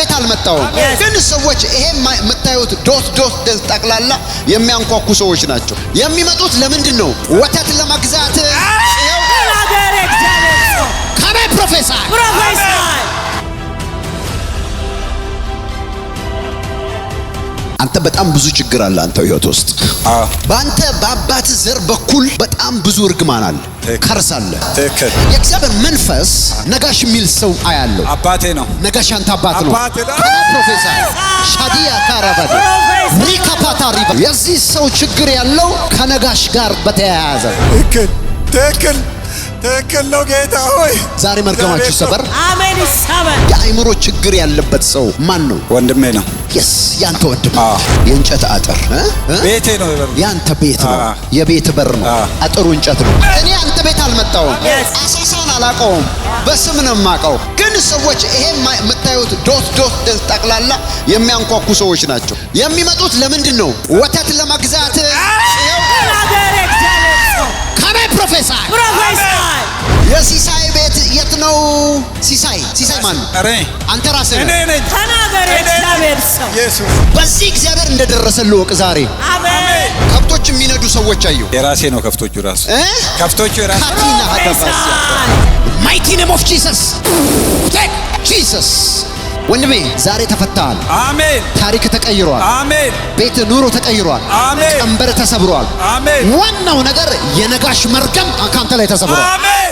ቤት አልመጣውም ግን ሰዎች ይሄ የምታዩት ዶት ዶት ጠቅላላ የሚያንኳኩ ሰዎች ናቸው። የሚመጡት ለምንድን ነው? ወተት ለመግዛት ከቤ ፕሮፌሰር አንተ በጣም ብዙ ችግር አለ አንተ ህይወት ውስጥ በአንተ በአባት ዘር በኩል በጣም ብዙ እርግማን አለ፣ ከርስ አለ። የእግዚአብሔር መንፈስ ነጋሽ የሚል ሰው አያለው። አባቴ ነው ነጋሽ፣ አንተ አባት ነው። ፕሮፌሰር ሻዲያ ካራባዲ ሪካፓታ ሪባ የዚህ ሰው ችግር ያለው ከነጋሽ ጋር በተያያዘ ትክክል ትክክል ነው ጌታ ሆይ፣ ዛሬ መርገማችሁ ይሰበር። አሜን። ይሰበር። የአእምሮ ችግር ያለበት ሰው ማን ነው? ወንድሜ ነው። የስ ያንተ ወንድም የእንጨት አጥር ቤቴ ነው። ያንተ ቤት ነው፣ የቤት በር ነው፣ አጥሩ እንጨት ነው። እኔ አንተ ቤት አልመጣውም፣ አሳሳን አላቀውም፣ በስም ነው የማቀው። ግን ሰዎች ይሄ የምታዩት ዶት ዶት ጠቅላላ የሚያንኳኩ ሰዎች ናቸው። የሚመጡት ለምንድን ነው? ወተት ለመግዛት ሲሳይ ሲሳይ ማን አንተ ራስህ እኔ ነኝ። ተናገር እግዚአብሔር ሰው ኢየሱስ በዚህ እግዚአብሔር እንደደረሰ ልወቅ ዛሬ አሜን። ከብቶች የሚነዱ ሰዎች አየሁ። የራሴ ነው ከብቶቹ ራሱ ከብቶቹ ራሱ ካቲና ሀተፋስ ማይቲ ኔም ኦፍ ጂሰስ ቴክ ጂሰስ ወንድሜ ዛሬ ተፈታሃል። አሜን። ታሪክ ተቀይሯል። አሜን። ቤት ኑሮ ተቀይሯል። አሜን። ቀንበር ተሰብሯል። አሜን። ዋናው ነገር የነጋሽ መርገም አካንተ ላይ ተሰብሯል። አሜን።